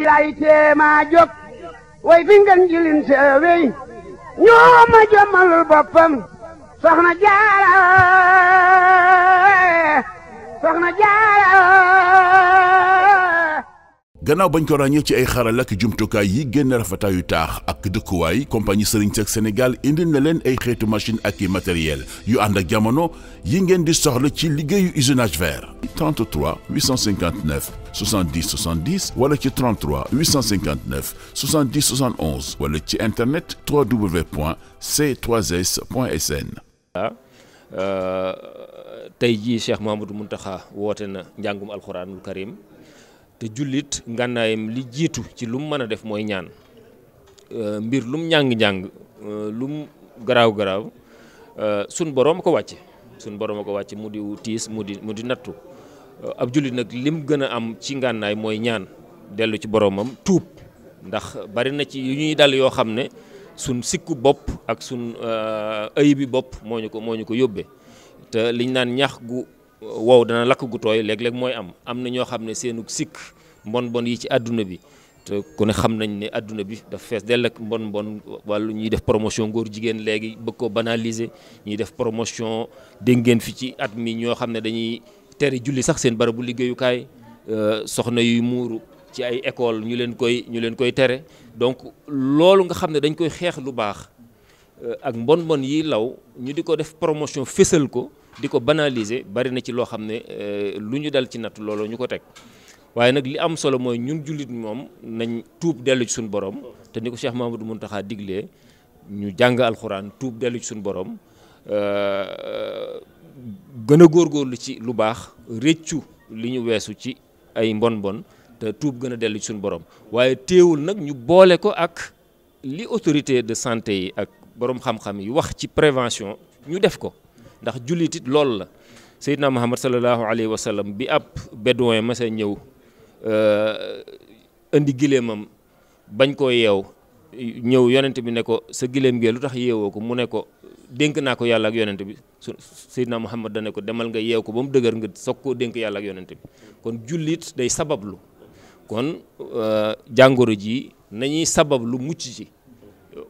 lay tee maa jóg way fi ngeen jilin seewey ñoo ma jëmmalul soxna Jaara gannaaw bañ ko ràññee ci ay xaral ak jumtukaay yi génn rafetaayu taax ak dëkkuwaay compagnie Serigne Seck Sénégal indil na leen ay xeetu machine ak yi matériel yu ànd ak jamono yi ngeen di soxla ci liggéeyu usinage vert. 33 859 70 70 wala ci 33 859 70 71 wala ci internet www.c3s.sn. Ah, euh, tey jii Cheikh mun taxa woote na njàngum alxuraanul karim. te jullit ngànnaayam li jiitu ci lum mën a def mooy ñaan euh, mbir lum njàng euh, lu mu garaaw garaaw euh, sun boroom a ko wàcce sun boroom a ko wàcce mu di tiis mu di mu di nattu ab jullit nag lim gën a am ci ngànnaay mooy ñaan dellu ci boroomam tuub ndax bari na ci yu ñuy dal yoo xam ne sun sikku bopp ak sun ayibi bopp moo ñu ko moo ñu ko yóbbee te liñ naan ñax gu wow dana lakk gu tooy léeg-léeg mooy am am na ñoo xam ne seenu sikk mbon bon yi ci àdduna bi te ku xam nañ ne àdduna bi dafa fees dell ak mbon mbon ñuy def promotion góor jigéen léegi bëgg ko banaliser ñuy def promotion dégg ngeen fi ci at mi ñoo xam ne dañuy tere julli sax seen barabu liggéeyukaay euh, soxna yuy muuru ci ay école ñu leen koy ñu leen koy tere donc loolu nga xam ne dañ koy xeex lu baax euh, ak mbon yi law ñu di ko def promotion fésal ko di ko banaliser bari na ci loo xam ne euh, lu ñu dal ci natt looloo ñu ko teg waaye nag li am solo mooy ñun jullit moom nañ tuub dellu ci suñu borom te ni ko du mun taxaa diglee ñu jàng alxuraan tuub dellu ci suñu borom euh, gën a góorgóorlu ci lu baax réccu li ñu weesu ci ay mbon mbon te tuub gën a dellu ci suñu borom waaye téewul nag ñu boole ko ak li autorité de santé yi ak borom xam-xam yi wax ci prévention ñu def ko ndax jullit it loolu la Seydina Muhammad sallallahu alayhi wa bi ab bédouin masa ñëw euh, indi gileemam bañ koo yeew ñëw yonent bi ne ko sa gileem gee lu tax yeewoo ko mu ne ko dénk naa ko yàlla ak yonent bi su Seydina Muhammad da ko demal nga yeew ko ba mu dëgër nga soog koo dénk yàlla ak yonent bi kon jullit day sabablu kon euh, jàngoro ji nañuy sabab lu mucc ci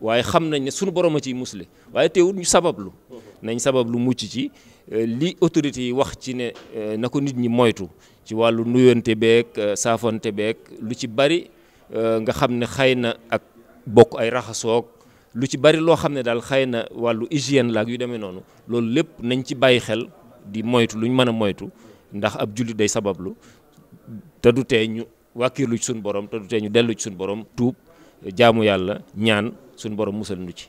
waaye xam nañ ne sunu borom a ciy musle waaye teewul ñu sabablu nañ sabab lu mucc ci euh, li autorités yi wax ci ne euh, na ko nit ñi moytu ci wàllu nuyonte beeg euh, saafonte beeg lu ci bari nga xam ne xëy na ak bokk ay raxasook lu ci bari loo xam ne daal xëy na wàllu hygiène la yu demee noonu loolu lépp nañ ci bàyyi xel di moytu luñ mën a moytu ndax ab jullit day sabablu te du tee ñu wàkkirlu ci suñu borom te ñu dellu ci suñu borom tuub jaamu yàlla ñaan suñu borom musal nu ci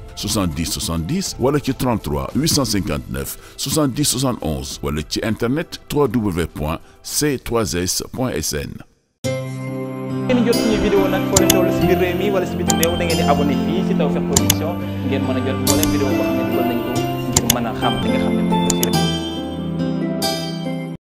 70 70 wala ci 33 859 70 71 wala ci internet www.c3s.sn. ngeen jot vidéo nag foo leen toll si wala si bitim réew da ngeen di abonné fii si Tawfekh Production ngeen mën a jot moo vidéo boo xam ne dugal nañ ko